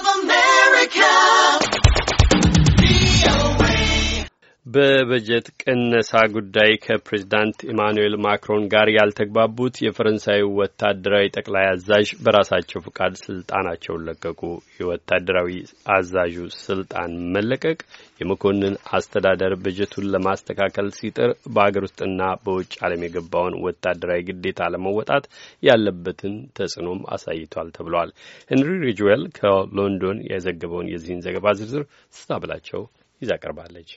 of America. በበጀት ቅነሳ ጉዳይ ከፕሬዚዳንት ኢማኑኤል ማክሮን ጋር ያልተግባቡት የፈረንሳዩ ወታደራዊ ጠቅላይ አዛዥ በራሳቸው ፍቃድ ስልጣናቸውን ለቀቁ። የወታደራዊ አዛዡ ስልጣን መለቀቅ የመኮንን አስተዳደር በጀቱን ለማስተካከል ሲጥር በአገር ውስጥና በውጭ ዓለም የገባውን ወታደራዊ ግዴታ ለመወጣት ያለበትን ተጽዕኖም አሳይቷል ተብሏል። ሄንሪ ሪጅዌል ከሎንዶን የዘገበውን የዚህን ዘገባ ዝርዝር ስታብላቸው ይዛ ቀርባለች።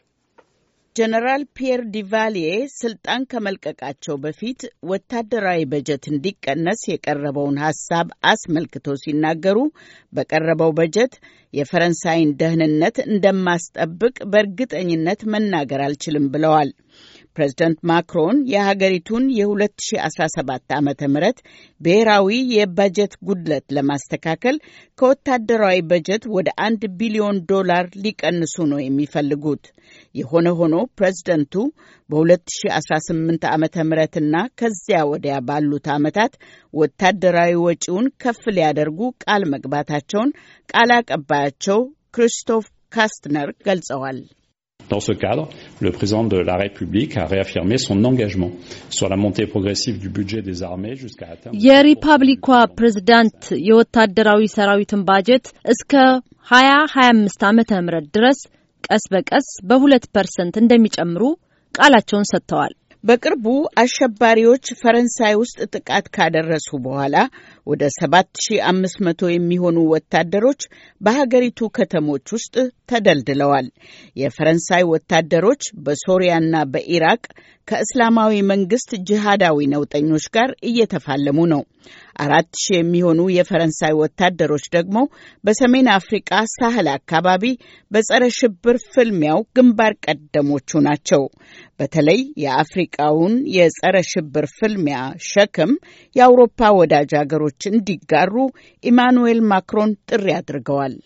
ጀነራል ፒየር ዲቫሊዬ ስልጣን ከመልቀቃቸው በፊት ወታደራዊ በጀት እንዲቀነስ የቀረበውን ሀሳብ አስመልክቶ ሲናገሩ በቀረበው በጀት የፈረንሳይን ደህንነት እንደማስጠብቅ በእርግጠኝነት መናገር አልችልም ብለዋል። ፕሬዝደንት ማክሮን የሀገሪቱን የ2017 ዓ ም ብሔራዊ የበጀት ጉድለት ለማስተካከል ከወታደራዊ በጀት ወደ አንድ ቢሊዮን ዶላር ሊቀንሱ ነው የሚፈልጉት። የሆነ ሆኖ ፕሬዝደንቱ በ2018 ዓ ምና ከዚያ ወዲያ ባሉት ዓመታት ወታደራዊ ወጪውን ከፍ ሊያደርጉ ቃል መግባታቸውን ቃል አቀባያቸው ክሪስቶፍ ካስትነር ገልጸዋል። Dans ce cadre, le président de la République a réaffirmé son engagement sur la montée progressive du budget des armées jusqu'à atteindre የሪፐብሊኳ ፕሬዝዳንት የወታደራዊ ሰራዊትን ባጀት እስከ 2025 ዓመተ ምህረት ድረስ ቀስ በቀስ በሁለት ፐርሰንት እንደሚጨምሩ ቃላቸውን ሰጥተዋል። በቅርቡ አሸባሪዎች ፈረንሳይ ውስጥ ጥቃት ካደረሱ በኋላ ወደ 7500 የሚሆኑ ወታደሮች በሀገሪቱ ከተሞች ውስጥ ተደልድለዋል። የፈረንሳይ ወታደሮች በሶሪያና በኢራቅ ከእስላማዊ መንግስት ጅሃዳዊ ነውጠኞች ጋር እየተፋለሙ ነው። አራት ሺህ የሚሆኑ የፈረንሳይ ወታደሮች ደግሞ በሰሜን አፍሪቃ ሳህል አካባቢ በጸረ ሽብር ፍልሚያው ግንባር ቀደሞቹ ናቸው። በተለይ የአፍሪቃውን የጸረ ሽብር ፍልሚያ ሸክም የአውሮፓ ወዳጅ አገሮች እንዲጋሩ ኢማኑኤል ማክሮን ጥሪ አድርገዋል።